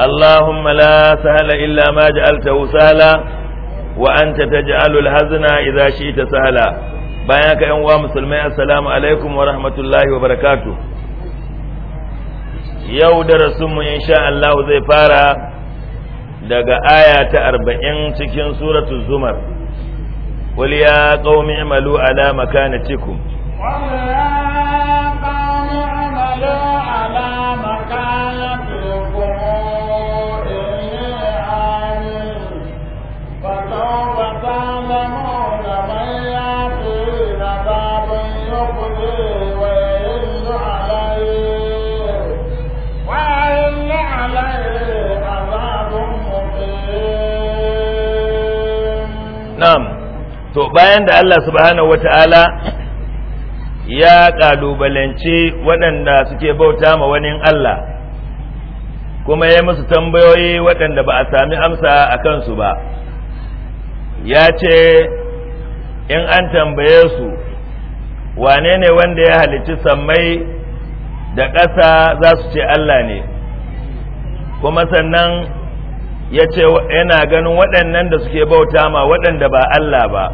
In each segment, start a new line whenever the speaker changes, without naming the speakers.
اللهم لا سهل إلا ما جعلته سهلا وأنت تجعل الهزن إذا شئت سهلا بياك يا مسلمين السلام عليكم ورحمة الله وبركاته yau darasinmu insha Allah zai fara daga aya ta arba'in cikin suratu zumar قل يا قوم اعملوا على مكانتكم
ولا
na'am to bayan da Allah subhanahu wata'ala ya kalubalance waɗanda suke bauta ma wani Allah kuma ya musu tambayoyi waɗanda ba a sami amsa a kansu ba ya ce in an tambaye su wane ne wanda ya halicci sammai da ƙasa za su ce Allah ne kuma sannan ya ce yana ganin waɗannan da suke bauta ma waɗanda ba Allah ba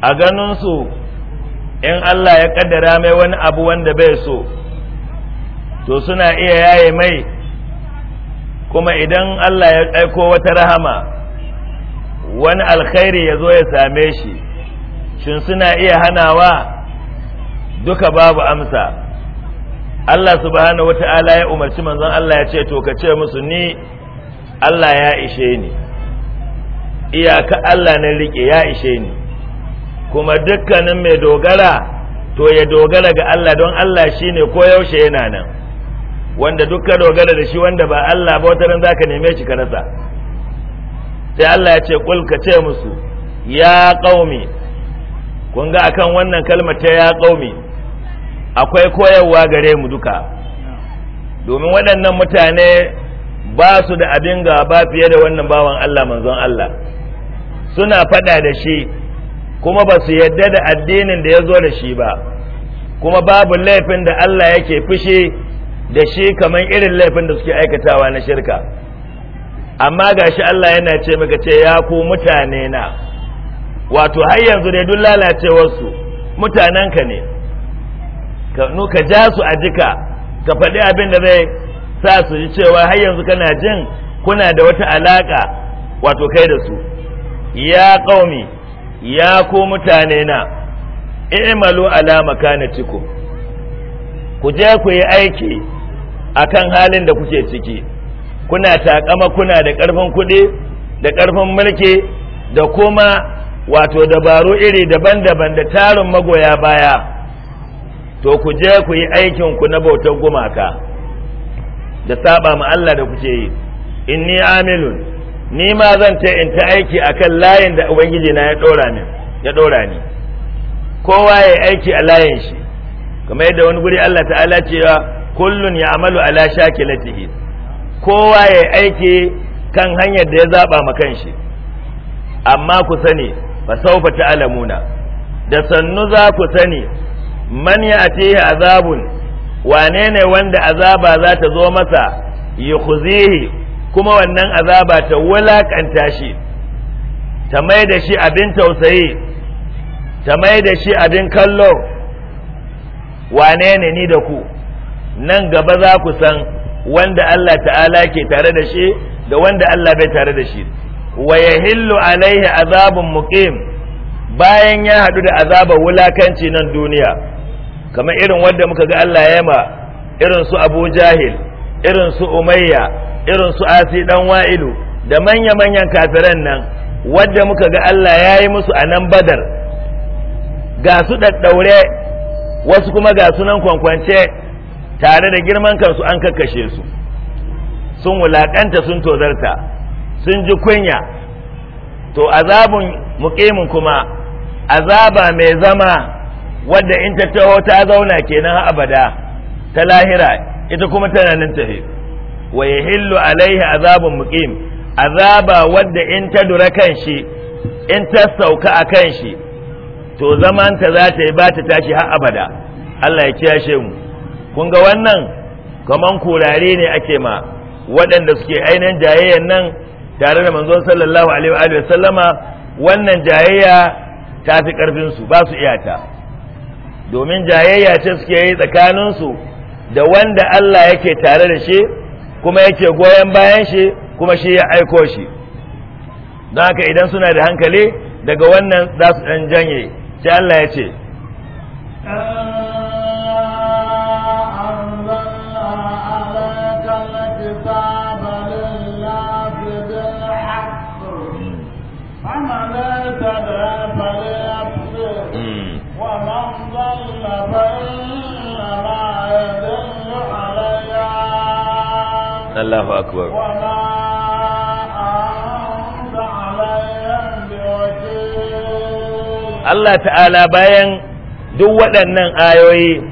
a ganinsu in Allah ya ƙaddara mai wani abu wanda bai so to suna iya yaye mai kuma idan Allah ya aiko wata rahama wani alkhairi ya zo ya same shi shin suna iya hanawa duka babu amsa Allah subhanahu wata'ala ya umarci manzon Allah ya ce to ka ce musu ni Allah ya ishe ni iyaka Allah na rike ya ishe ni kuma dukkanin mai dogara to ya dogara ga Allah don Allah shine yaushe yana nan wanda dukkan dogara da shi wanda ba Allah ba wata za zaka neme shi ka rasa sai Allah ya ce kul ka ce musu ya qaumi kun ga akan wannan kalmar ta ya qaumi akwai koyarwa gare mu duka domin waɗannan mutane ba su da abin gaba fiye da wannan bawan Allah manzon Allah suna fada da shi kuma ba su yadda da addinin da ya zo da shi ba kuma babu laifin da Allah yake fushi da shi kamar irin laifin da suke aikatawa na shirka amma gashi Allah yana ce maka ce ya ku mutane na wato har yanzu dai duk lalacewarsu mutanenka ne ka ja su a jika ka faɗi abin da zai sa su ji cewa har yanzu kana jin kuna da wata alaka wato kai da su ya kaumi ya ku mutane na i'malu ala makanatikum ku je ku yi aiki akan halin da kuke ciki kuna takama kuna da karfin kuɗi da karfin mulki da kuma wato dabaru iri daban-daban da tarin magoya baya to ku je ku yi aikinku na bautar gumaka da saba ma Allah da kuke yi inni amilun ni ma zan ta in ta aiki akan layin da ubangiji na ya dora min ya dora ni kowa ya aiki a layin shi kamar yadda wani guri Allah ta'ala cewa kullun ya amalu ala shakilatihi kowa ya aiki kan hanyar da ya zaba ma kanshi amma ku sani fa sawfa ta'lamuna da sannu za ku sani man ya'tihi azabun wane ne wanda azaba za ta zo masa yukhzihi kuma wannan azaba ta wulakanta shi ta mai da shi abin tausayi ta mai da shi abin kallo wane ne ni da ku nan gaba za ku san wanda Allah ta'ala ke tare da shi da wanda Allah bai tare da shi wa Hillu alaihi azabun muqim bayan ya hadu da azabar wulakanci nan duniya kamar irin wanda muka ga Allah ya ma irin su Abu Jahil irin su Umayya irin su Asi dan Wa'ilu da manya-manyan kafiran nan wanda muka ga Allah ya yi musu a nan Badar ga su daddaure wasu kuma ga su nan kwankwance tare da girman kansu an kakkashe su sun wulakanta sun tozarta sun ji kunya to azabun muqimin kuma azaba mai zama wadda in ta taho ta zauna kenan abada ta lahira ita kuma tana nan tafi wa yahillu alaihi azabun muqim azaba wadda in ta dura kan shi in ta sauka a kan shi to zaman ta za ta yi ba ta tashi har abada Allah ya kiyashe mu kun ga wannan kaman kurare ne ake ma waɗanda suke ainihin jayayyan nan tare da manzon sallallahu alaihi wa sallama wannan jayayya ta fi ƙarfinsu ba su iyata domin jayayya ce suke yi tsakaninsu da wanda Allah yake tare da shi kuma yake goyon bayan shi kuma shi ya aiko shi don haka idan suna da hankali daga wannan za su ɗan janye shi Allah ya ce Allah ta'ala bayan duk waɗannan ayoyi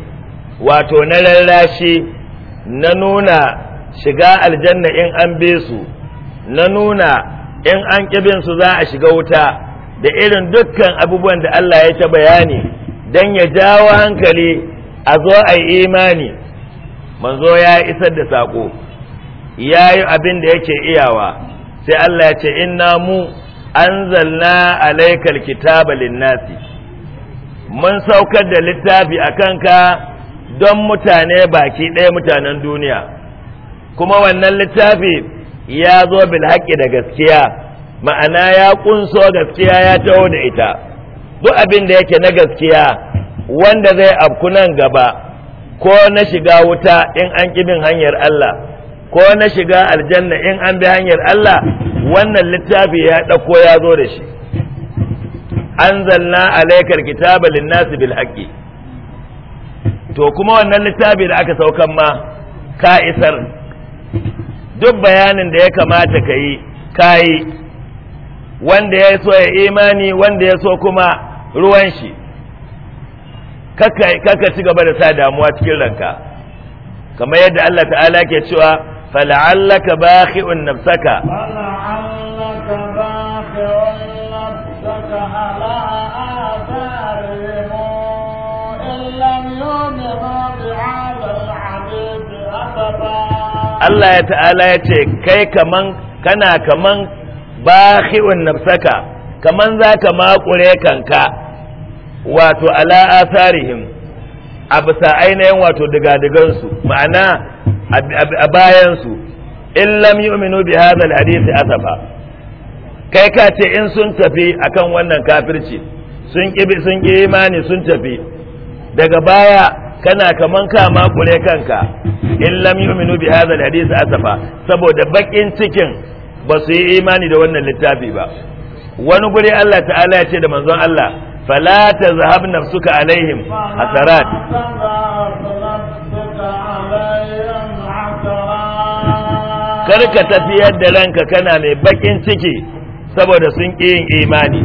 wato na rarrashi na nuna shiga aljanna in an be su na nuna in an ƙibin su za a shiga wuta da irin dukkan abubuwan da Allah ya ta bayani don ya jawo hankali a zo a yi imani manzo ya isar da saƙo ya yi abin da yake iyawa sai Allah ya ce inna mu anzalna alaikal kitaba nasi. mun saukar da littafi a kanka don mutane baki ɗaya mutanen duniya kuma wannan littafi ya zo bil da gaskiya ma'ana ya ƙunso gaskiya ya taho da ita duk abin da yake na gaskiya wanda zai afku nan gaba ko na shiga wuta in an ƙibin hanyar Allah ko na shiga aljanna in an bi hanyar Allah wannan littafi ya ɗauko ya zo da shi anzalna alaikar kitaba linnasi bil haƙƙi. to kuma wannan littafi da aka saukan ma ka isar duk bayanin da ya kamata ka yi wanda ya so ya imani wanda ya so kuma ruwan shi kaka ci gaba da sa damuwa cikin ranka kamar yadda Allah ta'ala ke cewa فلعلك باخع نفسك
فلعلك باخع نفسك على آثارهم إن لم يؤمنوا بهذا الحديث
Allah ya ta'ala ya ce, Kai kaman, kana kaman bahi'un nafsaka, kaman za ka makure kanka, wato ala asarihim, a bisa ainihin wato digadigansu, ma'ana a bayansu in lam yu'minu bi hadha alhadith asafa kai ka ce in sun tafi akan wannan kafirci sun ki sun ki imani sun tafi daga baya kana kaman kama kure kanka in lam yu'minu bi hadha alhadith asafa saboda bakin cikin ba su yi imani da wannan littafi ba wani guri Allah ta'ala ya ce da manzon Allah fala tazhab nafsuka alaihim hasarat kar ka tafiyar da ranka kana mai bakin ciki saboda sun ƙi yin imani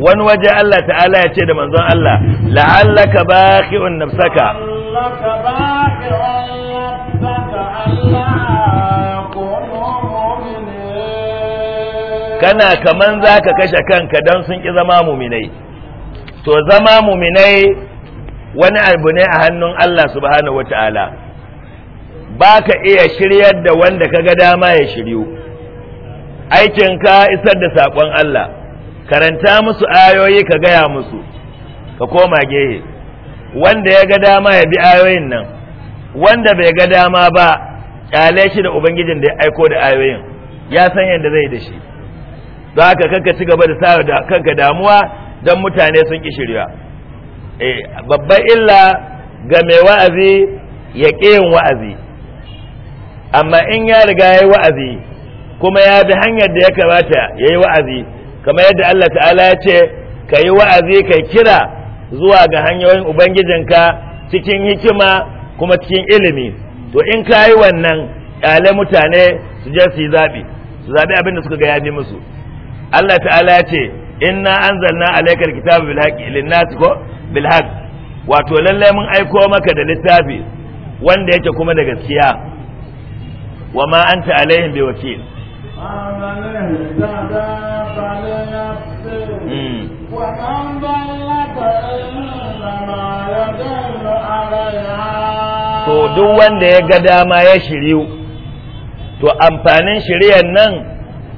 wani waje Allah ta'ala ya ce da manzon Allah la'allaka baqi'un nafsaka kana kaman zaka kashe kanka dan sun ƙi zama muminai to zama muminai wani abu ne a hannun Allah subhanahu wataala ba ka iya shiryar da wanda ka ga dama ya shiryu aikinka isar da saƙon Allah karanta musu ayoyi ka gaya musu ka koma gehe wanda ya ga dama ya bi ayoyin nan wanda bai ga dama ba ƙyale shi da ubangijin da ya aiko da ayoyin ya san yadda zai da shi zaka kanka ci gaba da sa da kanka damuwa don mutane sun ki shirya eh, babban illa ga mai wa'azi ya ƙi yin wa'azi amma in ya riga ya yi wa'azi kuma ya bi hanyar da ya kamata ya yi wa'azi kamar yadda Allah ta'ala ya ce ka yi wa'azi ka kira zuwa ga hanyoyin ubangijinka cikin hikima kuma cikin ilimi to in ka yi wannan ƙyale mutane su je su yi zaɓi su zaɓi abin da suka ga ya bi musu Allah ta'ala ya ce inna anzalna alaikal kitaba bil haqqi lin ko bil wato lallai mun aiko maka da littafi wanda yake kuma da gaskiya wa ma anta alaihim ومن
عليها
to duk wanda ya ga dama ya shiryu to amfanin shiryan nan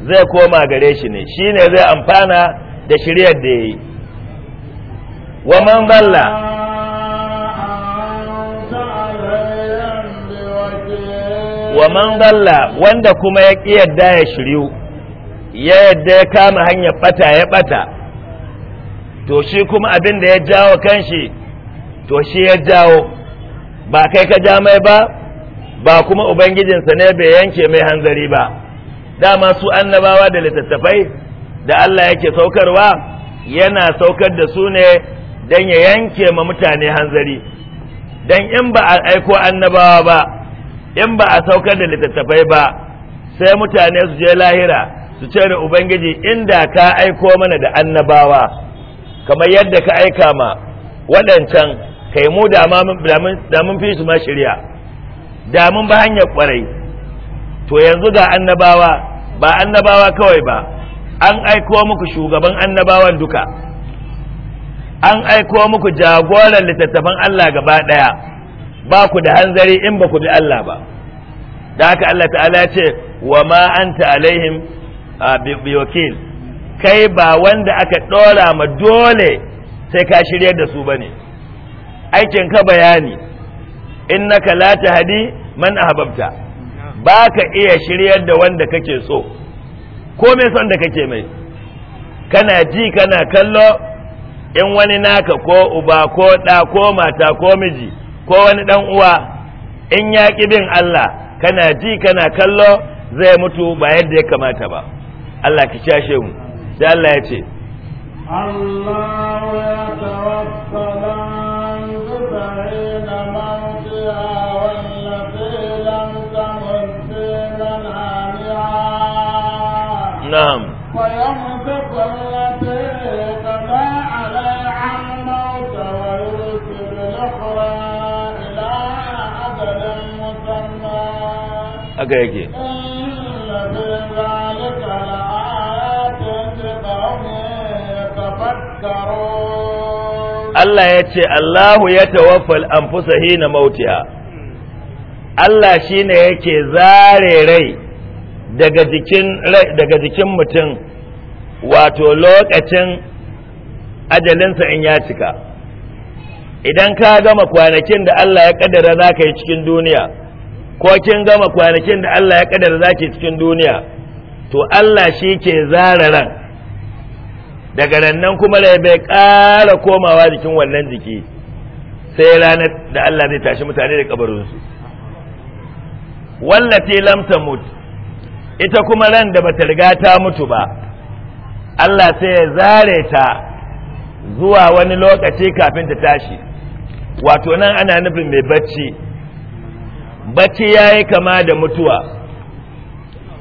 zai koma gare shi ne shi ne zai amfana da shiryar da ya yi wa man balla wa man dalla wanda kuma ya ƙi yadda ya shiryu ya yadda ya kama hanyar bata ya bata to shi kuma abin da ya jawo kanshi to shi ya jawo ba kai ka ja mai ba ba kuma ubangijinsa ne bai yanke mai hanzari ba dama su annabawa da littattafai da Allah yake saukarwa yana saukar da su ne don ya yanke ma mutane hanzari don in ba a aiko annabawa ba in ba a saukar da littattafai ba sai mutane su je lahira su ce da ubangiji inda ka aiko mana da annabawa kamar yadda ka aika ma waɗancan kai mu da mun fi su ma shirya da mun ba hanyar kwarai to yanzu ga annabawa ba annabawa kawai ba an aiko muku shugaban annabawan duka an aiko muku jagoran littattafan Allah gaba ɗaya ba ku da hanzari in ba ku bi Allah ba da haka Allah ta'ala ce wa ma anta alaihim bi wakil kai ba wanda aka dora ma dole sai ka shirya da su bane aikin ka bayani innaka la tahdi man ahbabta baka iya shiryar da wanda kake so ko me son da kake mai kana ji kana kallo in wani naka ko uba ko da ko mata ko miji ko wani dan uwa in ya ƙi bin Allah kana ji kana kallo zai mutu ba yadda ya kamata ba Allah ki cashe mu sai Allah ya ce Allah ya haka yake Allah ya ce Allahu ya tawaffal anfusa hina mautiya. Allah shi ne yake zare rai daga jikin mutum wato lokacin ajalinsa in ya cika idan ka gama kwanakin da Allah ya kaddara za ka yi cikin duniya ko kin gama kwanakin da Allah ya kadar zaki cikin duniya to Allah shi ke zara ran daga rannan kuma rai bai ƙara komawa jikin wannan jiki sai ranar da Allah zai tashi mutane da kabarinsu wallati lam tamut ita kuma ran da bata riga ta mutu ba Allah sai ya zare ta zuwa wani lokaci kafin ta tashi wato nan ana nufin mai bacci bacci ya yi kama da mutuwa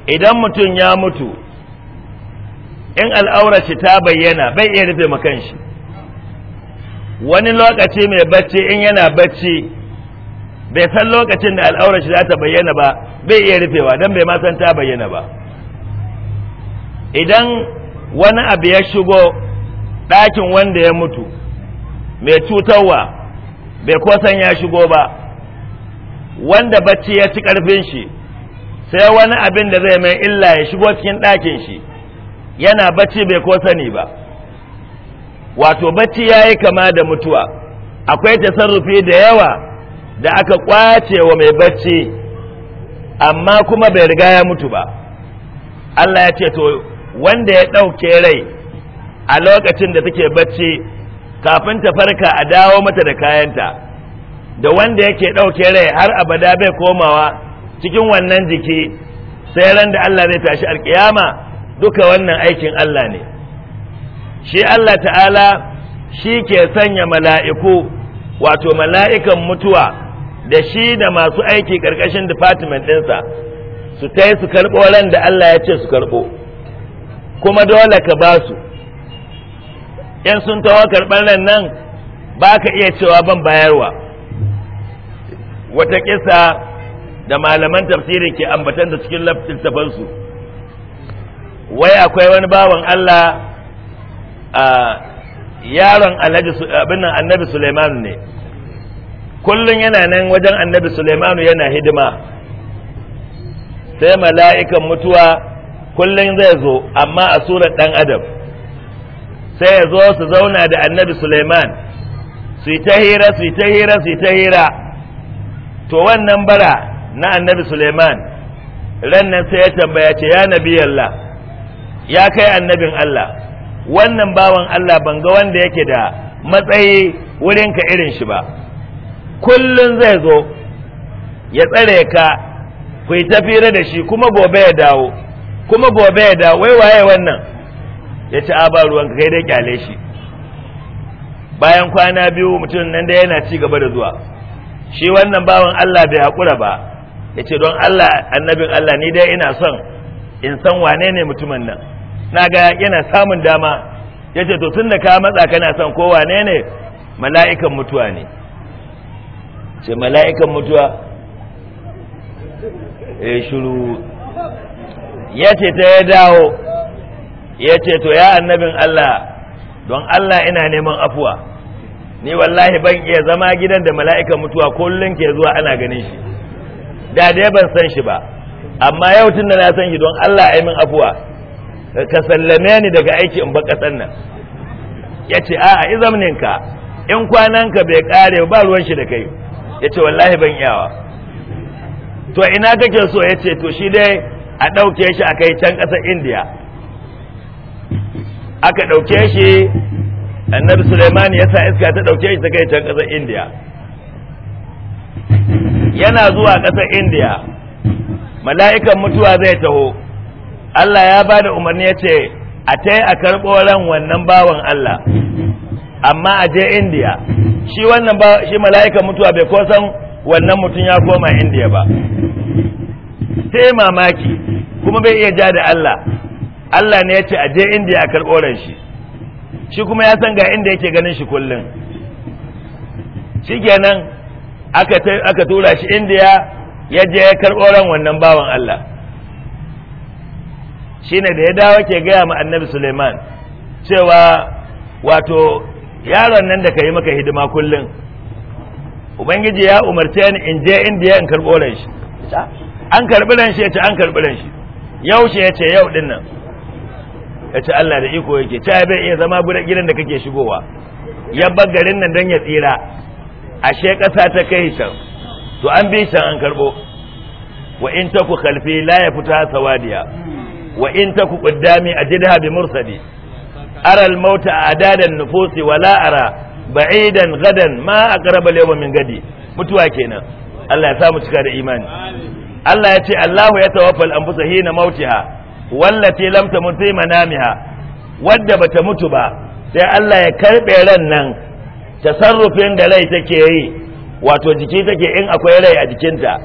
idan mutum ya mutu in al'aurashi ta bayyana bai iya rufe makanshi shi wani lokaci mai bacci in yana bacci bai san lokacin da al'aurashi za ta bayyana ba bai iya rufewa don bai ma san ta bayyana ba idan wani abu ya shigo ɗakin wanda ya mutu mai cutarwa bai kosan ya shigo ba wanda bacci ya ci karfin shi sai wani abin da zai mai illa ya shigo cikin ɗakin shi yana bacci bai ko sani ba wato bacci ya yi kama da mutuwa akwai tasarrufi da yawa da aka kwace wa mai bacci amma kuma bai riga ya mutu ba Allah ya ce to wanda ya ɗauke rai a lokacin da take bacci kafin ta farka a dawo mata da kayanta da wanda yake ɗauke rai har abada bai komawa cikin wannan jiki sai ran da Allah zai tashi alkiyama duka wannan aikin Allah ne shi Allah ta'ala shi ke sanya mala'iku wato mala'ikan mutuwa da shi da masu aiki ƙarƙashin department ɗinsa su ta su karɓo ran da Allah ya ce su karɓo kuma dole ka ba su in sun taho karɓar nan ba ka iya cewa ban bayarwa wata kisa da malaman tafsirin ke ambatan da cikin tafansu. wai akwai wani bawan Allah a yaron alhaji abin nan annabi Suleiman ne kullun yana nan wajen annabi Suleiman yana hidima sai mala'ikan mutuwa kullum zai zo amma a surar dan adam sai ya zo su zauna da annabi Suleiman su yi ta hira su yi ta hira su yi ta hira to wannan bara na annabi Suleiman rannan sai ya tambaya ce ya nabi Allah ya kai annabin Allah wannan bawan Allah ban ga wanda yake da matsayi wurinka irin shi ba kullun zai zo ya tsare ka ku yi tafira da shi kuma gobe ya dawo kuma gobe ya dawo wai waye wannan ya ci aba ruwan kai dai kyale shi bayan kwana biyu mutum nan da yana ci gaba da zuwa shi wannan bawan Allah bai haƙura ba ya ce don Allah annabin Allah ni dai ina son in san wane ne mutumin nan na ga yana samun dama ya ce to tun da ka matsa kana son ko wane ne mala'ikan mutuwa ne ce mala'ikan mutuwa ya shuru ya ce ta ya dawo ya ce to ya annabin Allah don Allah ina neman afuwa ni wallahi ban iya zama gidan da mala'ikan mutuwa kullum ke zuwa ana ganin shi da dai ban san shi ba amma yau tun da na san shi don Allah ya min afuwa ka sallame ni daga aiki in ba kasan nan ya ce a'a izamninka in kwananka bai kare ba ruwan shi da kai ya ce wallahi ban iyawa to ina kake so ya ce to shi dai a ɗauke shi a kai can ƙasar indiya aka ɗauke shi annabi Suleiman ya sa iska ta dauke shi ta kai can kasar India yana zuwa kasar Indiya mala'ikan mutuwa zai taho Allah ya ba da umarni ya ce a yi a karɓo ran wannan bawan Allah amma a je India shi wannan ba shi mala'ikan mutuwa bai ko san wannan mutum ya koma Indiya ba sai mamaki kuma bai iya ja da Allah Allah ne ya ce a je India a karɓo ran shi shi kuma ya san ga inda yake ganin shi kullum shikenan aka aka tura shi inda ya je ya karɓo ran wannan bawan Allah shine da ya dawo ke gaya ma annabi Suleiman cewa wato yaron nan da ka yi maka hidima kullum ubangiji ya umarce ni in je indiya in karɓo ran shi an karɓi ran shi ya ce an karɓi ran shi yau shi ya ce yau dinnan. ya ce Allah da iko yake ta bai iya zama gidan da kake shigowa ya bar garin nan don ya tsira ashe ƙasa ta kai can to an bi can an karɓo wa in ta ku kalfi la ya fita sawadiya wa in ta ku ƙuddami a jidha bi mursadi aral mauta a adadan nufusi wala ara ba'idan gadan ma al yawm min gadi mutuwa kenan Allah ya samu cika da imani Allah ya ce Allahu ya tawaffal anfusa hina mautiha wallati lam tamut manamiha wadda bata mutu ba sai Allah ya karbe ran nan tasarrufin da rai take yi wato jiki take in akwai rai a jikinta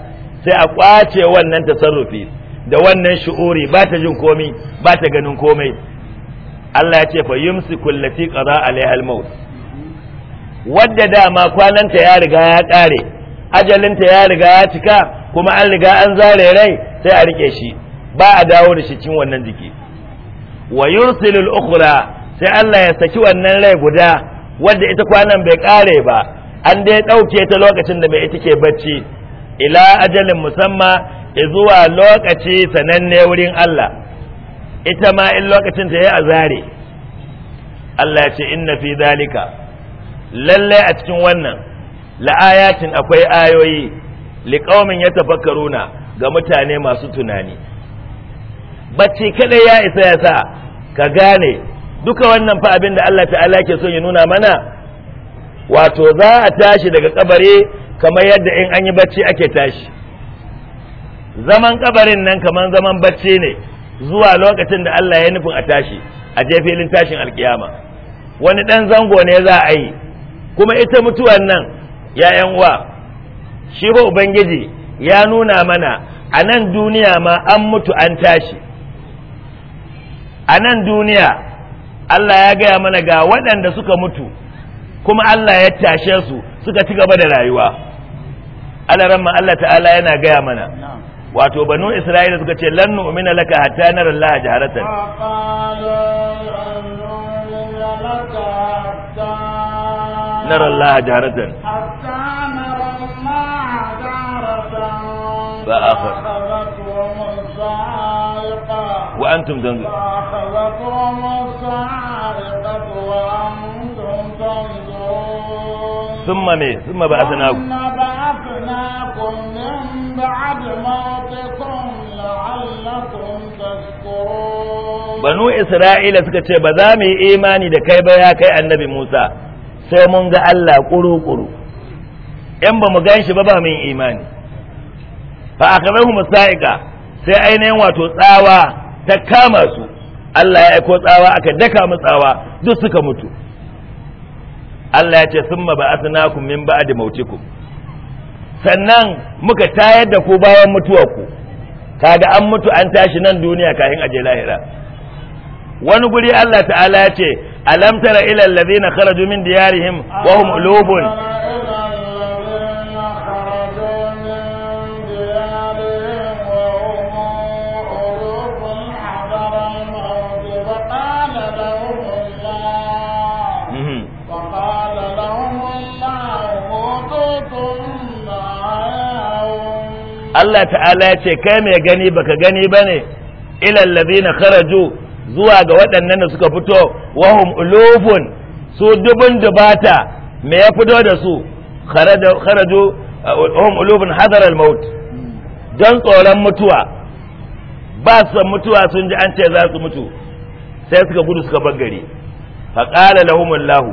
sai a kwace wannan tasarrufi da wannan shu'uri ba ta jin komai ba ta ganin komai Allah ya ce fa yumsi kullati qada alaiha al wadda dama kwananta ya riga ya kare ajalinta ya riga ya cika kuma an riga an zare rai sai a rike shi ba a dawo da shi cikin wannan jiki wa yursilul ukhra sai Allah ya saki wannan rai guda wadda ita kwanan bai kare ba an dai dauke ta lokacin da mai ita ke bacci ila ajalin musamma zuwa lokaci sananne wurin Allah ita ma in lokacin ta yayi azare Allah ya ce inna fi zalika lalle a cikin wannan la'ayatin akwai ayoyi liqaumin yatafakkaruna ga mutane masu tunani bacci kadai ya isa ya sa ka gane duka wannan fa abin da Allah ta'ala ke so ya nuna mana wato za a tashi daga kabare kamar yadda in an yi bacci ake tashi zaman kabarin nan kamar zaman bacci ne zuwa lokacin da Allah ya nufin a tashi a je filin tashin alkiyama wani dan zango ne za a yi kuma ita mutuwan nan ya 'yan uwa shi ba ubangiji ya nuna mana a nan duniya ma an mutu an tashi a nan duniya Allah ya gaya mana ga waɗanda suka mutu kuma Allah ya tashe su suka ci gaba da rayuwa alaramma Allah ta'ala yana gaya mana wato banu isra'ila suka ce lan nu'mina laka hatta nara Allah jaharatan nara Allah jaharatan hatta nara Allah jaharatan fa akhar وأنتم تنظر ثم ميه ثم بعثناكم banu isra'ila suka ce ba za mu yi imani da kai ba ya kai annabi Musa sai mun ga Allah kuru kuru ɗan ba mu gan shi ba ba mu yi imani fa akabahu musaika sai ainihin wato tsawa ta kama su Allah ya aiko tsawa aka daka mu tsawa duk suka mutu Allah ya ce sun ma ba'athnakum min ba'di mautikum sannan muka tayar da ku bayan ku, kaga an mutu an tashi nan duniya kafin aje lahira wani guri Allah ta'ala ya ce alam tara ila allazina kharaju min diyarihim wa hum ulubun Allah ta'ala ya ce kai mai gani baka gani ne. Ilallabi na kharaju zuwa ga waɗannan da suka fito wahum ulufun su dubun dubata me ya fito da su kharaju wahum uh, ulufun hadar al maut don tsoron mutuwa ba su mutuwa sun ji an ce za su mutu sai suka gudu suka bar gari fa qala lahumullahu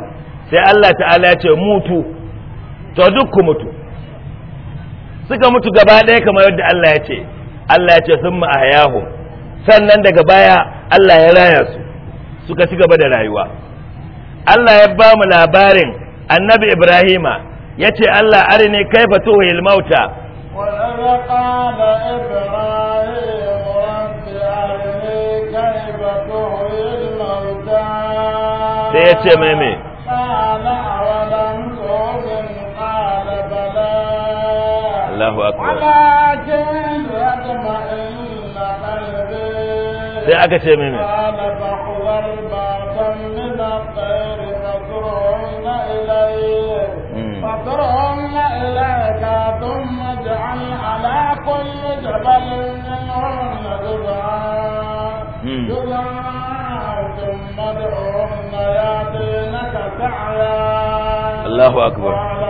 sai Allah ta'ala ya ce mutu to duk ku mutu suka mutu gaba ɗaya kamar yadda Allah ya ce Allah ya ce sun ma'ayahu sannan daga baya Allah ya raya su suka ci gaba da rayuwa Allah ya ba mu labarin annabi Ibrahima ya ce Allah arine kaifa tuhil mauta sai ya ce mai الله أكبر sai الطير
ce إليه فاضرهن إليك ثم اجعل على كل جبل منهن جزعا جزعا ثم ادعوهن يأتينك سعيا الله أكبر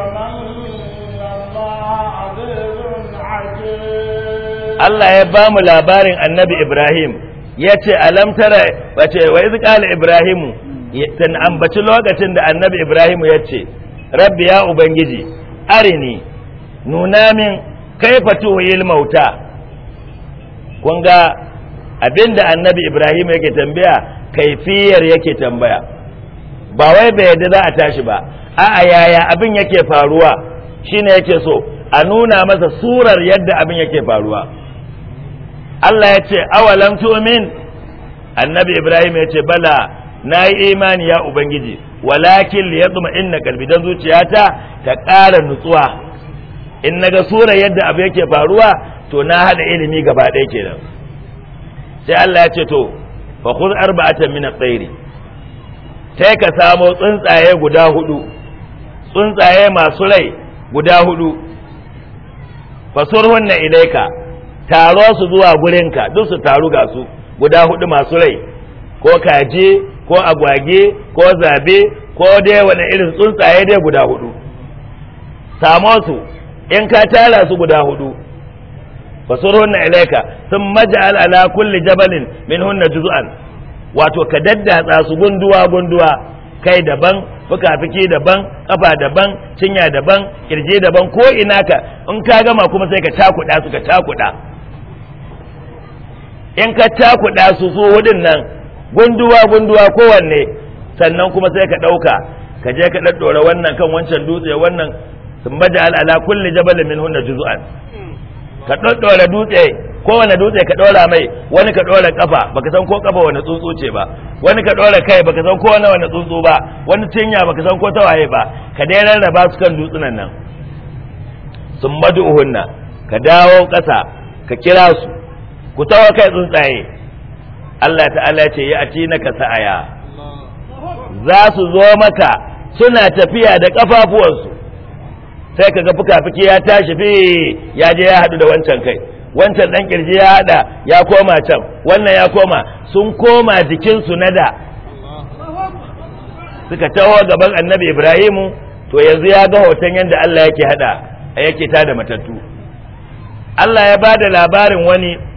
Allah ya ba mu labarin annabi Ibrahim ya ce alamtara ce wa iz qala Ibrahim tan ambaci lokacin da annabi Ibrahim ya ce rabbi ya ubangiji arini nuna min kai fatu tuhil mauta kun ga abinda annabi Ibrahim yake tambaya kaifiyar yake tambaya ba wai bai yadda za a tashi ba a'a yaya abin yake faruwa shine yake so a nuna masa surar yadda abin yake faruwa Allah ya ce awalan tu'min annabi Ibrahim ya ce bala na yi imani ya ubangiji walakin li yatma inna kalbi dan zuciyata ta ƙara nutsuwa in naga sura yadda abu yake faruwa to na hada ilimi gaba ɗaya kenan sai Allah ya ce to fa khudh arba'atan min at tayri sai ka samo tsuntsaye guda hudu tsuntsaye masu rai guda hudu fasurhunna ilaika taro su zuwa gurinka duk su taru ga su guda hudu masu rai ko kaje ko agwage ko zabe ko dai wani irin tsuntsaye dai guda hudu samo su in ka tara su guda hudu fasurhunna ilaika sun maj'al ala kulli jabalin minhunna juz'an wato ka daddatsa su gunduwa gunduwa kai daban fuka fiki daban kafa daban cinya daban kirje daban ko ina ka in ka gama kuma sai ka cakuda su ka cakuda in ka cakuɗa su su hudun nan gunduwa gunduwa kowanne sannan kuma sai ka ɗauka ka je ka ɗaɗɗora wannan kan wancan dutse wannan sun bada al'ala kulli jabalin min hunna juz'an ka ɗaɗɗora dutse kowane dutse ka ɗora mai wani ka ɗora kafa baka san ko kafa wani tsuntsu ce ba wani ka ɗora kai baka san ko wani wani tsuntsu ba wani cinya baka san ko tawaye ba ka dai rarraba su kan dutsunan nan sun madu'uhunna ka dawo ƙasa ka kira su ku tawa kai tsuntsaye Allah ta'ala ce ya ati naka sa'aya za su zo maka suna tafiya da kafafuwansu sai kaga fuka-fuki ya tashi fi ya je ya haɗu da wancan kai wancan ɗan kirji ya haɗa ya koma can wannan ya koma sun koma jikinsu na da suka taho gaban annabi ibrahimu to yanzu ya ga hoton yadda Allah yake haɗa yake da matattu Allah ya ba da labarin wani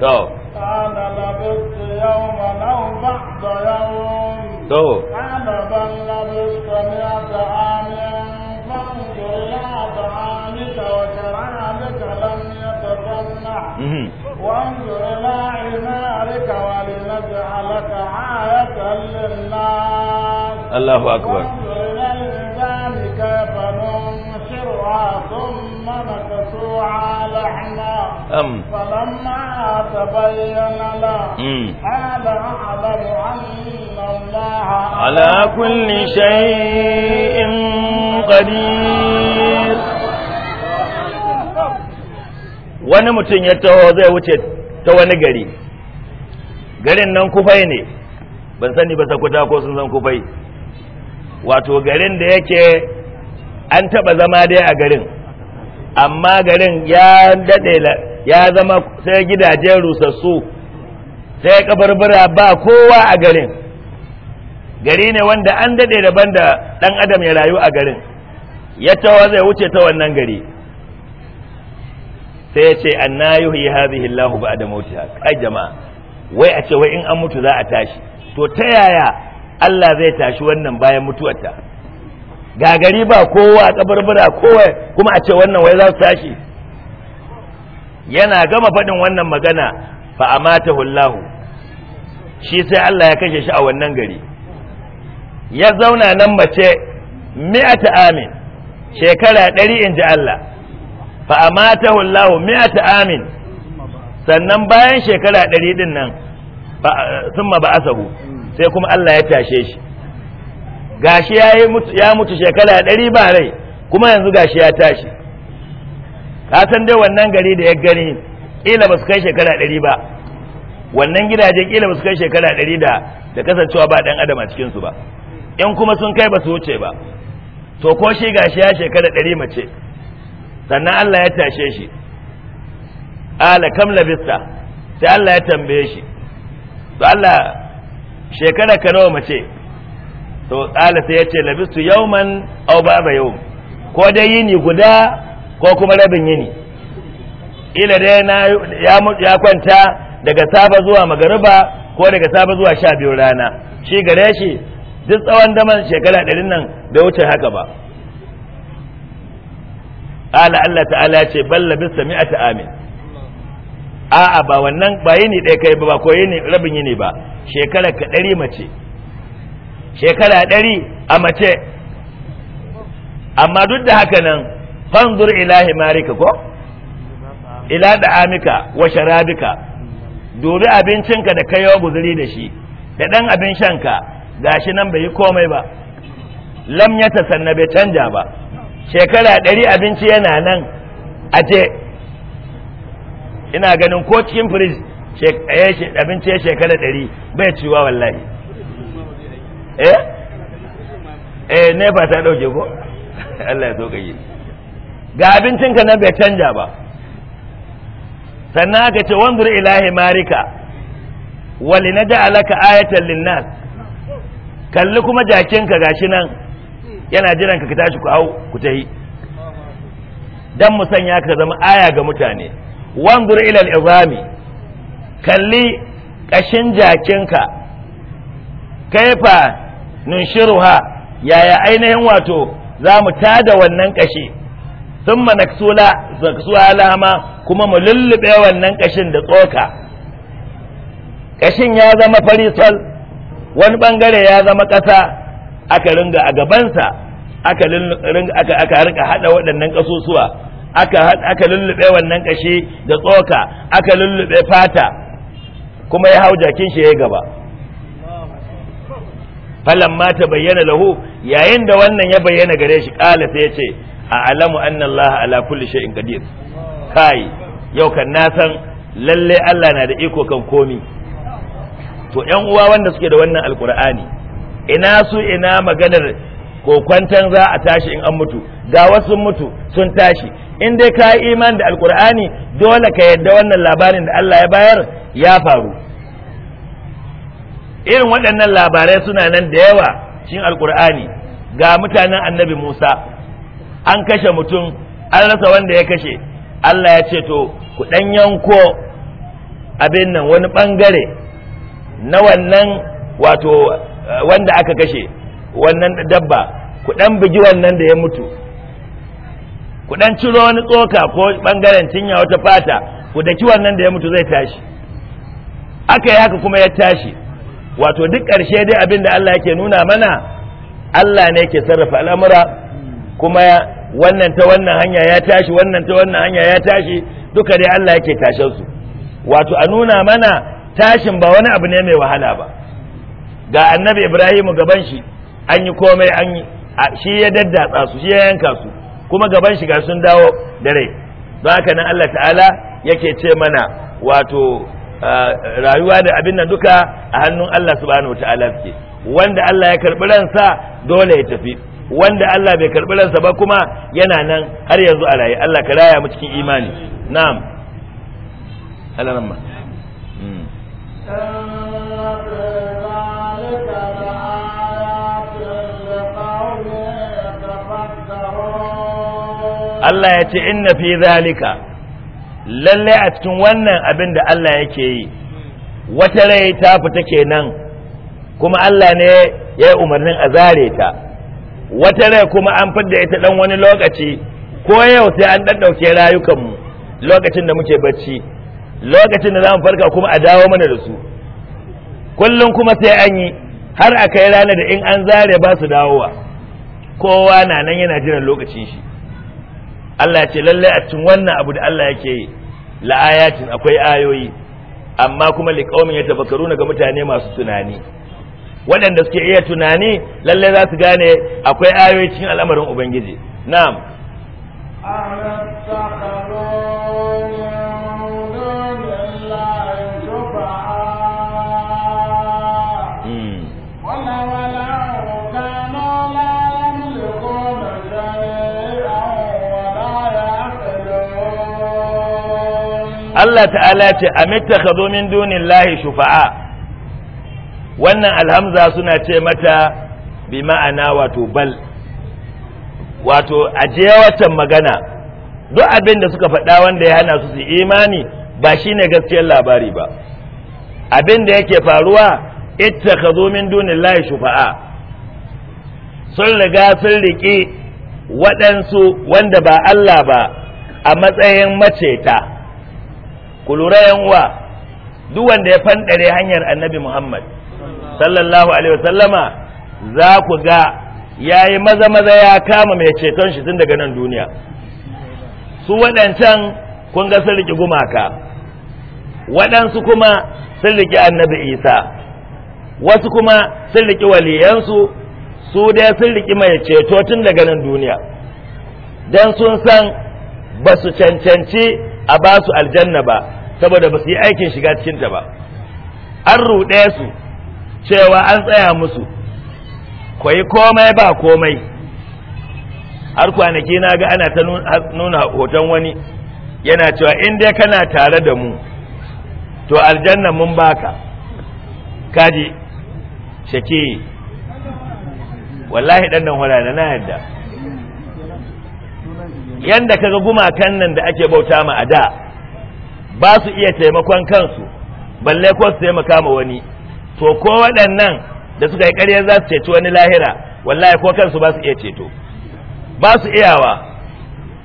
تو انا لبست يوما او بعض يوم تو انا بل لبست مئه عام فانظر الى طعامك وكرامك لم يتصنع وانظر الى عمارك ولنجعلك آية للناس
الله اكبر وانظر
الى الهدام كيف ننشرها ثم نكسوها فلما تبين له قال أعلم أن الله
على كل شيء قدير wani mutum ya taho zai wuce ta wani gari garin nan kufai ne ban sani ba sakuta ko sun san kufai wato garin da yake an taba zama dai a garin amma garin ya daɗe ya zama sai gidajen rusassu sai kabarbara ba kowa a garin gari ne wanda an daɗe daban da ɗan adam ya rayu a garin ya tawa zai wuce ta wannan gari sai ya ce an nayu yi hazihi lahu ba da mautiya kai jama'a wai a ce wai in an mutu za a tashi to ta yaya Allah zai tashi wannan bayan mutuwarta ga gari ba kowa kabarbara kowa kuma a ce wannan wai za su tashi yana gama faɗin wannan magana fa amatahu Allah shi sai Allah ya kashe shi a wannan gari ya zauna nan mace mi'ata amin shekara ɗari in ji Allah fa amatahu Allah mi'ata amin sannan bayan shekara ɗari ɗin nan sun ba'asahu sai kuma Allah ya tashe shi gashi ya mutu shekara ɗari ba rai kuma yanzu gashi ya tashi ka san dai wannan gari da ya gani ila ba su kai shekara ɗari ba wannan gidajen ila ba su kai shekara ɗari da da kasancewa ba ɗan adam a cikinsu ba in kuma sun kai ba su wuce ba to ko shi ga shi ya shekara ɗari mace sannan Allah ya tashe shi ala kam labista sai Allah ya tambaye shi to Allah shekara ka nawa mace to ala sai ya ce labistu yauman au ba yau ko dai yini guda ko kuma rabin yini ila dai ya kwanta daga safa zuwa magariba ko daga safa zuwa sha biyu rana shi gare shi duk tsawon daman shekara ɗari nan bai wuce haka ba ala Allah ta'ala ce balla bis sami'ati amin a'a ba wannan ba yini ɗaya kai ba ko yini rabin yini ba shekara ka ɗari mace shekara ɗari a mace amma duk da haka nan fanzur ila himarika ko ila da'amika wa sharabika dubi abincinka da kayo guzuri da shi da dan abin shanka gashi nan bai yi komai ba lam ya tasanna bai canja ba shekara ɗari abinci yana nan aje ina ganin ko cikin firij eh, abinci ya shekara ɗari bai ciwa wallahi eh eh ne ba ta ɗauke ko Allah ya so yi ga abincinka na bai canja ba sannan aka ce wanzur ilahi marika wali na ja'alaka ayatan linnas kalli kuma jakinka gashi nan yana jiran ka tashi ku hau ku yi dan mu sanya ka zama aya ga mutane wanzur ila ilal izami kalli kashin jakin jakinka kaifa ha yaya ainihin wato za mu tada wannan kashi sun manaksula zaksuwa lama kuma mu lullube wannan kashin da tsoka kashin ya zama farisol wani bangare ya zama ƙasa aka ringa a gabansa aka ringa haɗa waɗannan ƙasusuwa aka lullube wannan kashi da tsoka aka lullube fata kuma ya hau jakin shi ya gaba falan mata ta bayyana lahu yayin da wannan ya bayyana gare shi ƙala sai ya ce a'lamu anna Allah ala kulli shay'in qadir kai yau kan na san lalle Allah na da iko kan komi to yan uwa wanda suke da wannan alqur'ani ina su ina maganar kokwantan za a tashi in an mutu ga wasu mutu sun tashi in dai ka yi iman da alkur'ani dole ka yadda wannan labarin da Allah ya bayar ya faru irin waɗannan labarai suna nan da yawa cikin alkur'ani ga mutanen annabi Musa an kashe mutum an rasa wanda ya kashe Allah ya ce to ku dan yanko abin nan wani ɓangare na wannan wato eh, wanda aka kashe wannan dabba ku ɗan bugi wannan da ya mutu ku dan ciro wani tsoka ko bangaren cinya wata fata ku daki wannan da ya mutu zai tashi aka yi haka kuma ya tashi wato duk ƙarshe dai abin da Allah yake nuna mana Allah ne ke sarrafa al'amura kuma wannan ta wannan hanya ya tashi wannan ta wannan hanya ya tashi duka dai Allah yake tashin su wato a nuna mana tashin ba wani abu ne mai wahala ba ga annabi Ibrahimu gaban shi an yi komai an yi shi ya daddatsa su shi ya yanka su kuma gaban shi ga sun dawo da rai don haka nan Allah ta'ala yake ce mana wato rayuwa da abin nan duka a hannun Allah subhanahu wa suke wanda Allah ya karɓi ransa dole ya tafi wanda Allah bai karɓi ransa ba kuma yana nan har yanzu a raye Allah ka raya mu cikin imani na'am ma. Hmm. Allah ya ce inna fi zalika lalle a cikin wannan abin da Allah yake yi wata rai ta fita kenan kuma Allah ne ya yi umarnin a zare ta wata rai kuma an da ita dan wani lokaci ko yau sai an dan dauke rayukanmu lokacin da muke bacci lokacin da za mu farka kuma a dawo mana da su kullum kuma sai an yi har a kai rana da in an zare ba su dawowa kowa na nan yana jiran lokacin shi Allah ce lallai a cikin wannan abu da Allah yake yi la'ayatin akwai ayoyi amma kuma liqaumin yatafakkaruna ga mutane masu tunani waɗanda suke iya tunani lalle za su gane akwai ayoyi cikin al'amarin ubangiji na'am hmm. Allah ta'ala ce a dunin min dunillahi shufa'a wannan alhamza suna ce mata bi ma'ana wato bal wato ajiye watan magana duk abin da suka faɗa wanda ya hana su su imani ba shine gaskiyar labari ba abin da yake faruwa ittakhadhu min dunillahi shufa'a sun riga sun riƙe waɗansu wanda ba Allah ba a matsayin maceta ku lura yan uwa duk wanda ya fanɗare hanyar annabi Muhammad sallallahu alaihi wasallama za ku ga yayi maza maza ya kama mai ceton shi tun daga nan duniya su waɗancan kun ga sun gumaka waɗansu kuma sun annabi isa wasu kuma sun riƙe waliyansu su dai sun mai ceto tun daga nan duniya don sun san ba su cancanci a ba su aljanna ba saboda ba su yi aikin shiga cikinta ba an ruɗe su cewa an tsaya musu ku komai ba komai har kwanaki na ga ana ta nuna hoton wani yana cewa in dai kana tare da mu to aljanna mun baka kaji shake wallahi dan nan wala na yadda yanda kaga gumakan nan da ake bauta ma a da ba su iya taimakon kansu balle ko su taimaka ma wani to ko waɗannan da suka yi ƙarya za su ceci wani lahira wallahi ko kansu ba su iya ceto ba su iyawa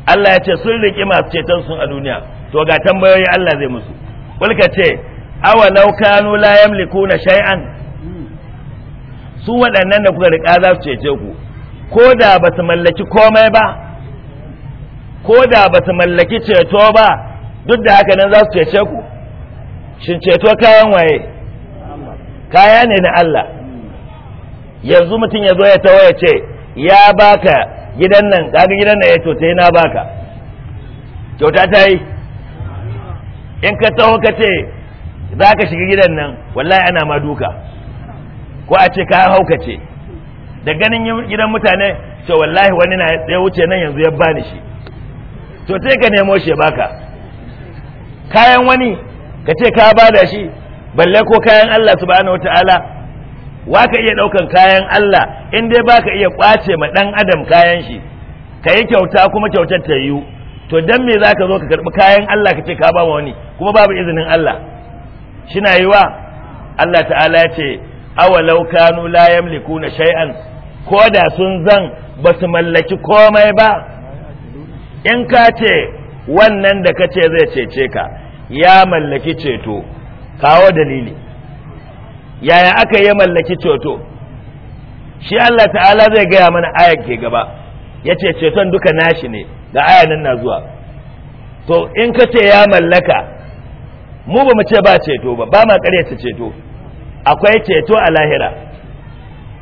Allah ya ce sun riƙe masu ceton sun a duniya to ga tambayoyi Allah zai musu kulka ce awa laukanu la na shay'an su waɗannan da kuka riƙa za su cece ku ko da ba su mallaki komai ba ko da ba su mallaki ceto ba duk da haka nan za su cece ku shin ceto kayan waye kaya ne na Allah yanzu mutum ya zo ya tawo ya ce ya baka gidan nan kaga gidan nan ya eh, ce na baka kyauta ta yi in ka taho ka ce za ka shiga gidan nan wallahi ana ma duka ko a ce ka ka ce da ganin gidan mutane ce wallahi wani na ya wuce nan yanzu ya bani shi to ka nemo shi baka kayan wani ka ce ka bada shi balle ko kayan Allah subhanahu wataala wa ka iya ɗaukan kayan Allah in dai baka iya kwace ma ɗan adam kayan shi ka yi kyauta kuma kyautar ta yiwu to dan me zaka zo ka karɓi kayan Allah ka ce ka ba wani kuma babu izinin Allah shina yiwa Allah ta'ala ya ce awalau kanu la yamlikuna shay'an ko da sun zan ba su mallaki komai ba in ka ce wannan da ka ce zai cece ka ya mallaki ceto kawo dalili yaya aka yi mallaki ceto shi Allah ta'ala zai gaya mana ayar ke gaba ya ce ceton duka nashi ne ga aya nan na zuwa to in ka ce ya mallaka mu ba mu ce ba ceto ba ba ma karyata ceto akwai ceto a lahira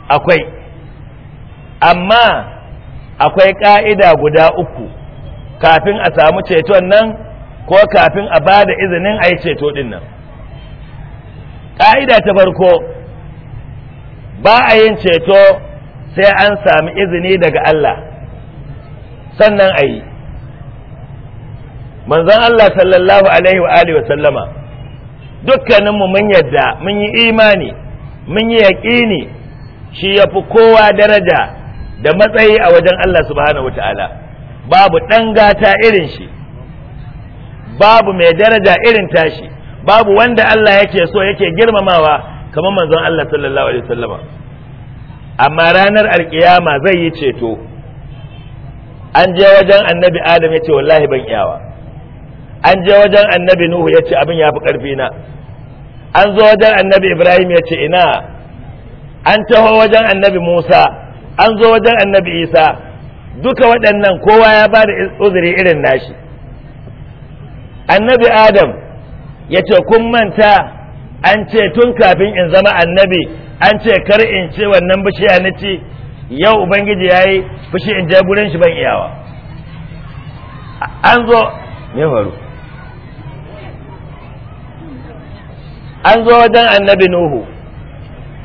akwai amma akwai ka'ida guda uku kafin a samu ceton nan ko kafin a ba da izinin a yi ceto din nan ƙa'ida ta farko ba a yin ceto sai an sami izini daga Allah sannan a yi manzon Allah sallallahu alaihi wa wa sallama dukkaninmu mun yadda mun yi imani mun yi yaƙini shi ya fi kowa daraja da matsayi a wajen Allah subhanahu wa babu ɗan gata irin shi babu mai daraja irin tashi babu wanda Allah yake so yake girmamawa kamar manzon Allah sallallahu alaihi wasallama amma ranar alkiyama zai yi ceto an je wajen annabi adam yace wallahi ban iyawa an je wajen annabi nuhu yace abin yafi karfi na an zo wajen annabi ibrahim yace ina an taho wajen annabi musa an zo wajen annabi isa duka waɗannan kowa ya ba da uzuri irin nashi annabi adam ya ce kun manta an ce tun kafin in zama annabi an ce kar in ce wannan bishiya na ci yau ubangiji ya yi fushi in gurin shi ban iyawa an zo me faru an zo wajen annabi nuhu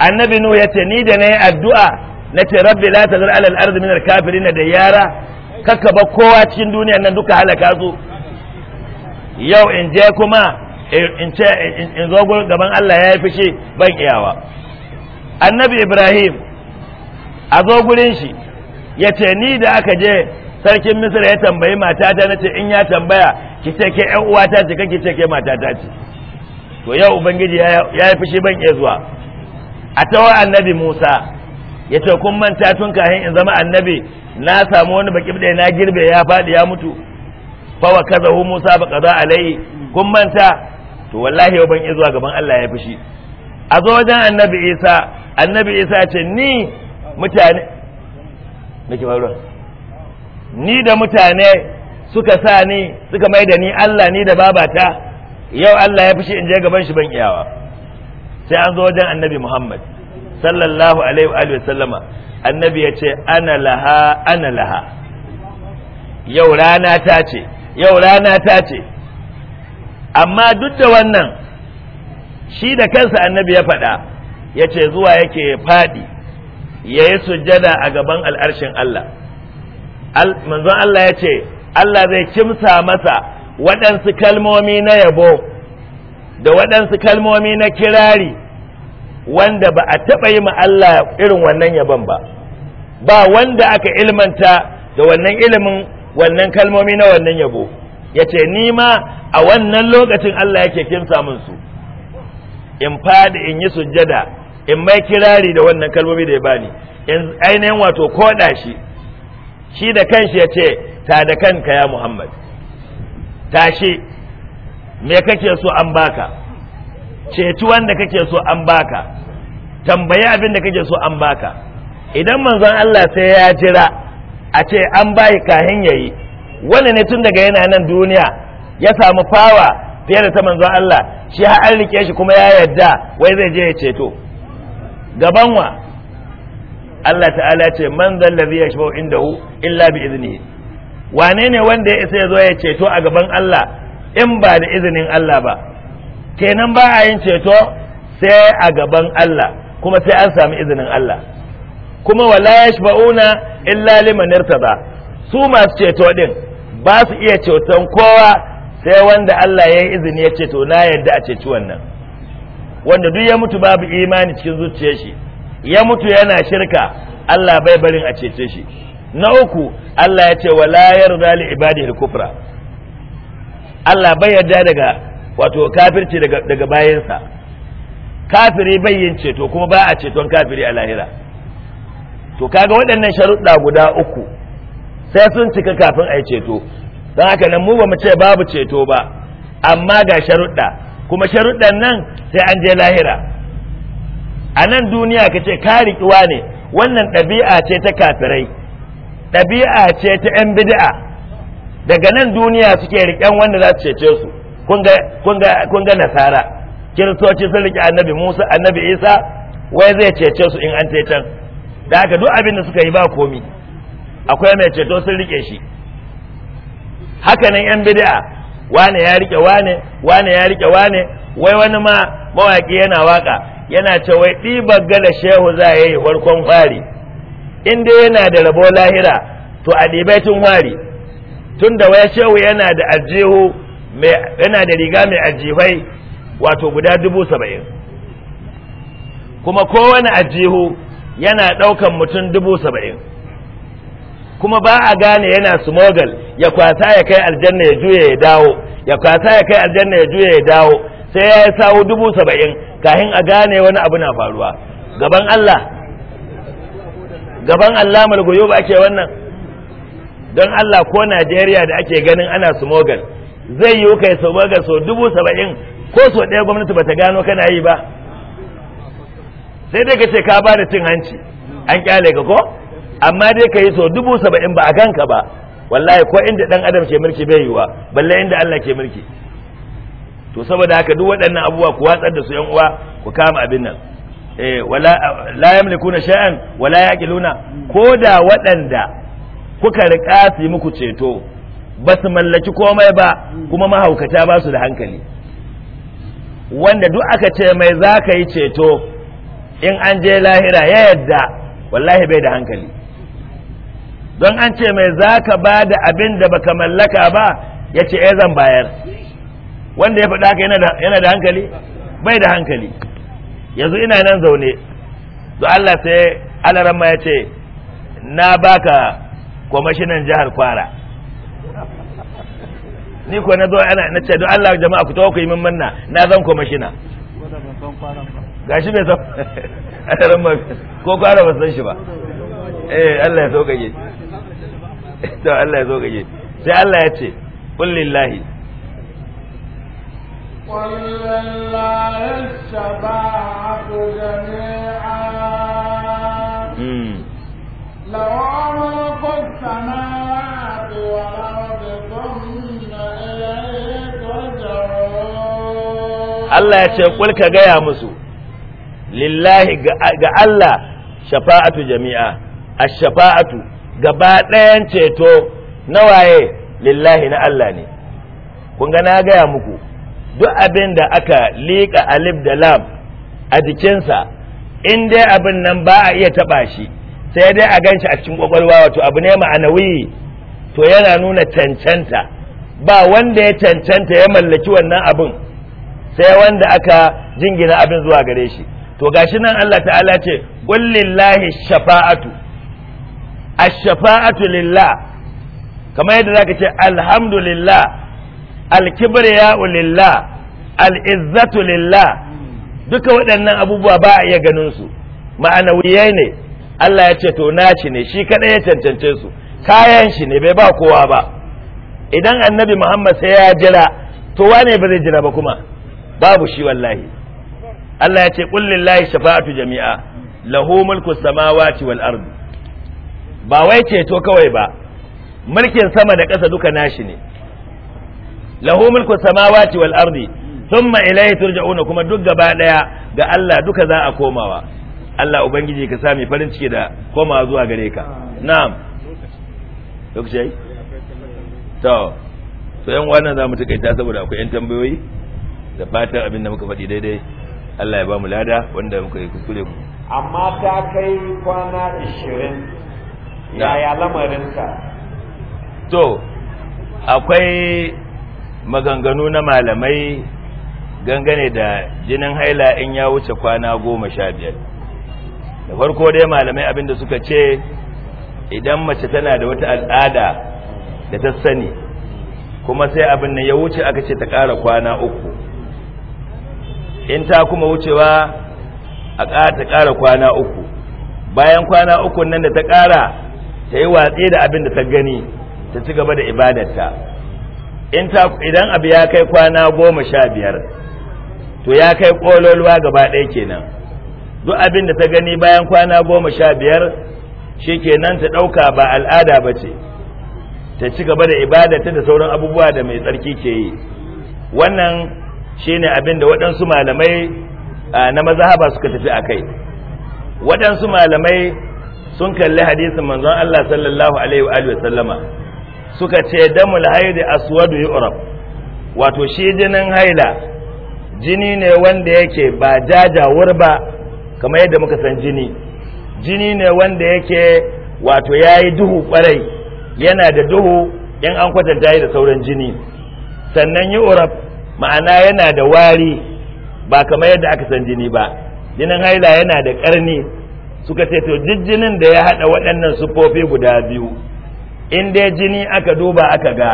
annabi nuhu ya ce ni da na yi addu'a na ce rabbi la zara alal ardi min al-kafirin da yara kaka ba kowa cikin duniya nan duka halaka zo yau in je kuma Eh, in ce zo gaban Allah ya yi fushi ban iyawa annabi ibrahim a zo gurin shi ya ce ni da aka je sarkin misir ya tambayi matata na ce in ya tambaya ki ce ke yan uwata ce kake ce ke matata ce to yau ubangiji ya yi fushi ban iya zuwa a tawar annabi musa ya ce kun manta tun kahin in zama annabi na samu wani baki na girbe ya faɗi ya mutu fawa kaza hu musa ba kaza alai kun manta to wallahi yau ban iya zuwa gaban Allah ya fushi a zo wajen annabi isa annabi isa ce ni mutane ke faruwa ni da mutane suka sa ni suka mai da ni Allah ni da babata yau Allah ya fushi in je gaban shi ban iyawa sai an zo wajen annabi Muhammad sallallahu alaihi wa sallama annabi ya ce ana laha ana laha yau rana ta ce yau rana ta ce amma duk da wannan shi da kansa annabi ya faɗa ya ce zuwa yake faɗi ya yi sujjada a gaban al'arshin Allah manzon Allah ya ce Allah zai kimsa masa waɗansu kalmomi na yabo da waɗansu kalmomi na kirari wanda ba a taɓa yi Allah irin wannan yabon ba ba wanda aka ilmanta da wannan ilimin wannan kalmomi na wannan yabo ya ce ni ma a wannan lokacin Allah yake kin samun su in fadi in yi sujjada in mai kirari da wannan kalmomi da ya bani in ainihin wato koda shi shi da kanshi ya ce ta da kanka ya Muhammad tashi me kake so an baka ceci wanda kake so an baka tambayi abin da kake so an baka idan manzon Allah sai ya jira a ce an bai kahin yayi wani ne tun daga yana nan duniya ya samu fawa fiye da ta manzon Allah shi har an rike shi kuma ya yarda wai zai je ya ceto gaban wa Allah ta'ala ce man zal ladhi yashfa'u indahu illa bi iznihi wane ne wanda ya isa ya zo ya ceto a gaban Allah in ba da izinin Allah ba kenan ba a yin ceto sai a gaban Allah kuma sai an samu izinin Allah kuma wala yashfa'una illa liman su masu ceto din ba su iya ceton kowa sai wanda Allah ya yi izini ya ce to na yarda a ceci wannan wanda duk ya mutu babu imani cikin zuciyar shi ya mutu yana shirka Allah bai barin a cece shi na uku Allah ya ce wala yarda li ibadihi kufra Allah bai yarda daga wato kafirci daga daga bayansa kafiri bai yin ceto kuma ba a ceton kafiri a lahira to kaga waɗannan sharuɗa guda uku sai sun cika kafin a yi ceto don haka nan mu ba mu ce babu ceto ba amma ga sharuɗa kuma sharuɗan nan sai an je lahira a nan duniya ka ce ka riƙiwa ne wannan ɗabi'a ce ta kafirai ɗabi'a ce ta 'yan bid'a daga nan duniya suke riƙen wanda za su cece su kun ga nasara kiristoci sun riƙe annabi musa annabi isa wai zai cece su in an can da haka duk abin da suka yi ba komi akwai mai ceto sun riƙe shi haka nan yan bid'a wane ya rike wane wane ya rike wane wai wani ma mawaki yana waka yana ce wai ɗibar gada shehu za ya yi warkon fari in dai yana da rabo lahira to a ɗibai tun fari tun da wai shehu yana da yana da riga mai ajihai wato guda dubu saba'in kuma kowane ajihu yana ɗaukan mutum dubu saba'in kuma ba a gane yana smuggle ya kwasa ya kai aljanna ya juya ya dawo ya kwasa ya kai aljanna ya juya ya dawo sai ya yi sawo dubu saba'in kahin a gane wani abu na faruwa gaban Allah gaban Allah malgoyo ba ake wannan don Allah ko Najeriya da ake ganin ana smuggle zai yi kai smuggle so dubu saba'in ko so ɗaya gwamnati ba ta gano kana yi ba sai dai ka ce ka ba da cin hanci an kyale ka ko amma dai ka yi so dubu saba'in ba a ganka ba wallahi ko inda ɗan adam ke mulki bai yiwa balle inda Allah ke mulki to saboda haka duk waɗannan abubuwa ku watsar da su yan uwa ku kama abin nan eh wala la yamlikuna shay'an wala yaqiluna ko da waɗanda kuka rika su muku ceto ba su mallaki komai ba kuma mahaukata ba su da hankali wanda duk aka ce mai za ka yi ceto in an je lahira ya yadda wallahi bai da hankali don an ce mai za ka ba da abin da baka mallaka ba ya ce ya eh, zan bayar wanda ya faɗa ka yana da hankali bai da hankali yanzu ina nan zaune da Allah sai alarama ya ce na baka kwamashinan jihar kwara ni ko na zo ana na ce don Allah jama'a ku tawo ku yi min manna na zan kwamashina gashi bai san ma ko kwara ba san shi ba eh Allah ya sauƙaƙe to Allah ya zo gaje sai Allah ya ce qul lillahi
قل لله الشفاعة جميعا لو أملك السماوات Allah ya ce ka gaya musu,
lillahi ga Allah shafa'atu jami'a ash-shafa'atu gaba ɗayan ceto na waye lillahi na Allah ne kun ga na gaya muku duk abin da aka liƙa alif da lam a jikinsa in dai abin nan ba a iya taɓa shi sai dai a ganshi a cikin ƙwaƙwalwa wato abu ne ma'anawi to yana nuna cancanta ba wanda ya cancanta ya mallaki wannan abin sai wanda aka jingina abin zuwa gare shi to gashi nan Allah ta'ala ce kullillahi shafa'atu ash-shafa'atu lillah kamar yadda ka ce alhamdulillah al lillah al-izzatu lillah duka waɗannan abubuwa ba a iya ganinsu su ma'anawiyai ne Allah ya ce to naci ne shi kaɗai ya cancance su kayan shi ne bai ba kowa ba idan annabi Muhammad sai ya jira to wane ba zai jira ba kuma babu shi wallahi Allah ya ce shafa'atu jami'a lahu mulku samawati wal ardi ba wai ceto kawai ba mulkin sama da ƙasa duka nashi ne lahu mulku samawati wal ardi thumma ilayhi turja'una kuma duk gaba daya ga Allah duka za a komawa Allah ubangiji ka sami farin ciki da komawa zuwa gare ka na'am lokaci to to yan wannan za mu takaita saboda akwai yan tambayoyi da fatan abin da muka faɗi daidai Allah ya ba mu lada wanda muka yi kuskure mu amma ta kai kwana 20 yaya lamarinka to akwai maganganu na malamai gangane da jinin haila in ya wuce kwana goma sha biyar da farko dai malamai abinda suka ce idan mace tana da wata al'ada da ta sani kuma sai abin nan ya wuce aka ce ta ƙara kwana uku in ta kuma wucewa a ta ƙara kwana uku bayan kwana uku nan da ta ƙara ta yi watsi da abin da ta gani ta ci gaba da ibadarta idan abu ya kai kwana goma sha biyar to ya kai kololuwa gaba ɗaya kenan duk abin da ta gani bayan kwana goma sha biyar shi kenan ta ɗauka ba al'ada ba ce ta ci gaba da ibadarta da sauran abubuwa da mai tsarki ke yi wannan shi ne abin da waɗansu malamai na mazahaba suka tafi a kai waɗansu malamai sun kalli hadisin manzon Allah sallallahu alaihi wa alihi sallama suka ce damul haidi aswadu yu'rab wato shi jinin haila jini ne wanda yake ba jajawur ba kamar yadda muka san jini jini ne wanda yake wato yayi duhu kwarai yana da duhu in an kwatanta da sauran jini sannan yu'rab ma'ana yana da wari ba kamar yadda aka san jini ba jinin haila yana da karni suka ce to jijjinin da ya haɗa waɗannan sufofi guda biyu in dai jini aka duba aka ga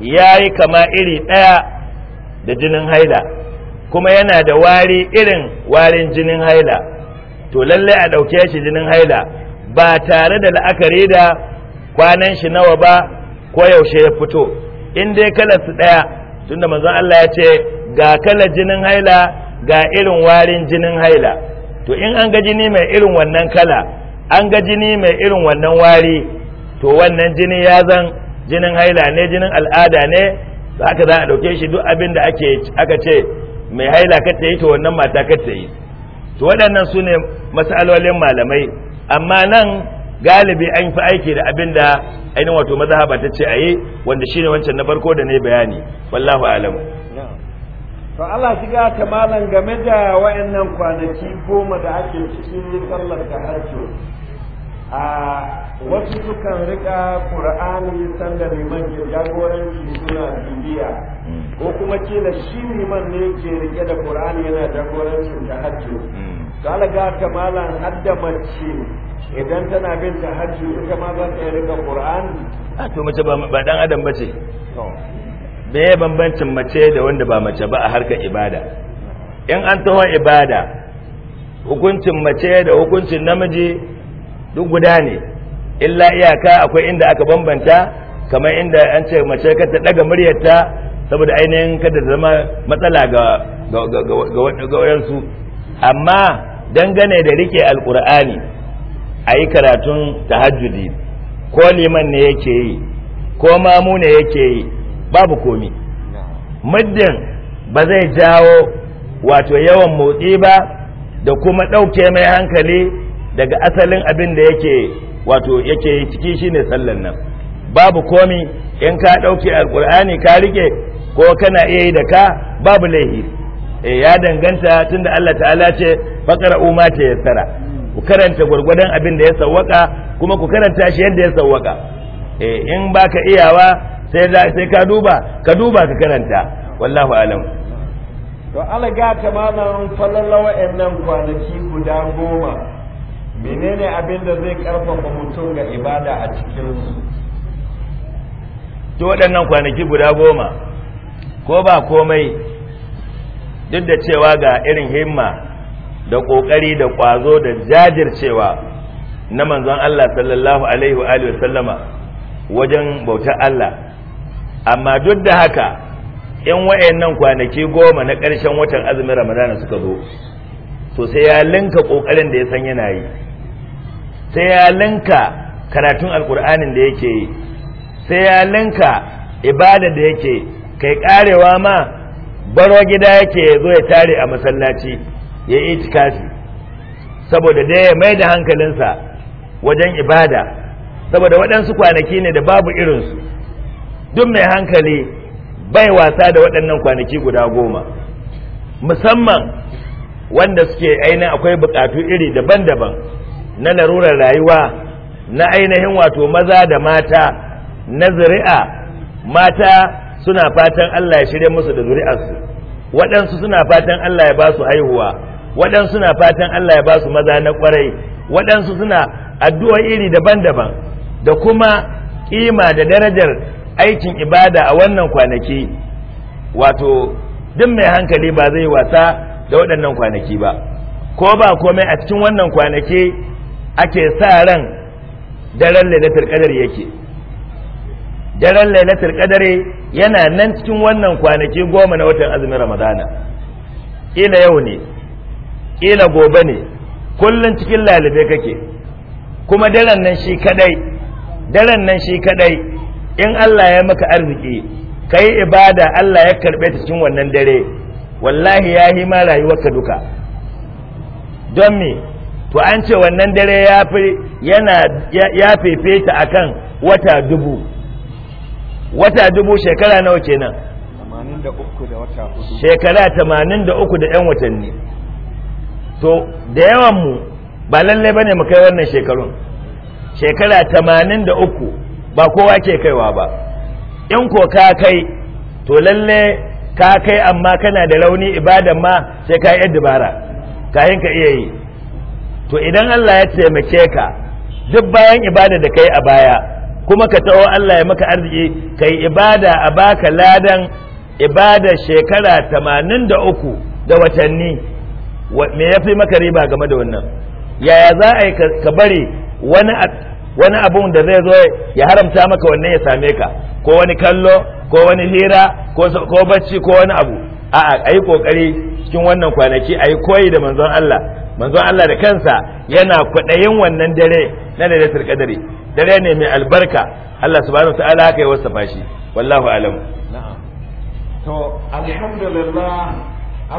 ya yi kama iri ɗaya da jinin haila kuma yana da wari irin warin jinin haila to lalle a ɗauke shi jinin haila ba tare da la'akari da kwanan shi nawa ba ko yaushe ya fito in dai kala su ɗaya tunda manzon Allah ya ce ga kala jinin haila ga irin warin jinin haila to in an ga jini mai irin wannan kala an ga jini mai irin wannan wari to wannan jini ya zan jinin haila ne jinin al'ada ne haka za a ɗauke shi duk abin da aka ce mai haila kata yi to wannan mata kata yi to waɗannan su ne matsalolin malamai amma nan galibi an fi aiki da abin da ainihin wato mazhaba ta ce a yi wanda shine wancan na farko da ne bayani wallahu alamu to Allah ga ta malam game da wayannan kwanaki goma da ake cikin sallar harjo a wasu sukan rika qur'ani sanda liman ke jagoranci suna bibiya ko kuma da shi man ne ke rike da qur'ani yana jagorancin harjo to Allah ga ta malam hadda mace idan tana bin tahajjud ita ma za ta rika qur'ani a to mace ba dan adam bace me ya bambancin mace da wanda ba mace ba a harkar ibada in an taho ibada hukuncin mace da hukuncin namiji duk guda ne illa iyaka akwai inda aka bambanta kamar inda an ce mace ka ta daga muryarta saboda ainihin kada zama matsala ga ga amma dangane da rike alkur'ani a yi karatun tahajjudi ko liman ne yake yi ko mamu ne yake yi babu komi muddin ba zai jawo wato yawan motsi ba da kuma ɗauke mai hankali daga asalin abin da yake wato yake ciki shine sallan nan babu komi in ka ɗauke alkur'ani ka rike ko kana iya yi da ka babu laihi e eh, ya danganta tunda Allah ta'ala ce fakara umma ta yassara ku karanta gwargwadon abin da ya sawwaka kuma ku karanta shi yadda ya sawwaka e in baka iyawa sai sai ka duba ka duba ka karanta wallahu alam to alaga ta malam falalla wa'annan kwanaki guda goma menene abin da zai karfafa mutum ga ibada a cikin su to waɗannan kwanaki guda goma ko ba komai duk da cewa ga irin himma da ƙoƙari da ƙwazo da jajircewa na manzon Allah sallallahu alaihi wa sallama wajen bautar Allah amma duk da haka in wayannan kwanaki goma na ƙarshen watan azumin ramadana suka zo to sai ya linka ƙoƙarin da ya san yana yi sai ya linka karatun alkur'anin da yake yi sai ya linka ibada da yake kai ƙarewa ma baro gida yake ya zo ya tare a masallaci ya yi itikafi saboda da ya mai da hankalinsa wajen ibada saboda waɗansu kwanaki ne da babu irinsu duk mai hankali bai wasa da waɗannan kwanaki guda goma musamman wanda suke ainihin akwai buƙatu iri daban-daban na larurar rayuwa na ainihin wato maza da mata na zuri'a mata suna fatan Allah ya shirya musu da zuri'arsu waɗansu suna fatan Allah ya ba su haihuwa waɗansu suna fatan Allah ya ba su maza na ƙwarai waɗansu suna addu'o'i iri daban-daban da kuma ƙima da darajar aikin ibada a wannan kwanaki wato duk mai hankali ba zai wasa da waɗannan kwanaki ba ko ba komai a cikin wannan kwanaki ake sa ran daren lailatul qadar yake daren lailatul qadar yana nan cikin wannan kwanaki goma na watan azumin ramadana ila yau ne ila gobe ne kullun cikin lalibe kake kuma daren nan shi kadai daren nan shi kadai in Allah ya maka arziki kai ibada Allah ya karbe ta cikin wannan dare wallahi ya yi ma rayuwarka duka don me to an ce wannan dare ya fi yana ya fefe ta akan wata dubu wata dubu shekara nawa kenan shekara tamanin da uku da 'yan watanni to da yawan mu ba lallai bane mu kai wannan shekarun shekara tamanin da uku ba kowa ke kaiwa ba in ko ka kai to lalle ka kai amma kana da rauni ibadan ma sai ka yi dabara kayan ka iya yi to idan Allah ya taimake ka duk bayan ibada da kai a baya kuma ka taho Allah ya maka arziki kai ibada a baka ladan ibada shekara tamanin da uku da watanni me ya fi maka riba game da wannan yaya za a yi ka bari wani wani abun da zai zo ya haramta maka wannan ya same ka ko wani kallo ko wani hira ko bacci ko wani abu a'a ayi kokari cikin wannan kwanaki ayi koyi da manzon Allah manzon Allah da kansa yana kwaɗayin wannan dare na lailatul qadri dare ne mai albarka Allah subhanahu wataala haka ya wasafa shi wallahu alam
na'am to alhamdulillah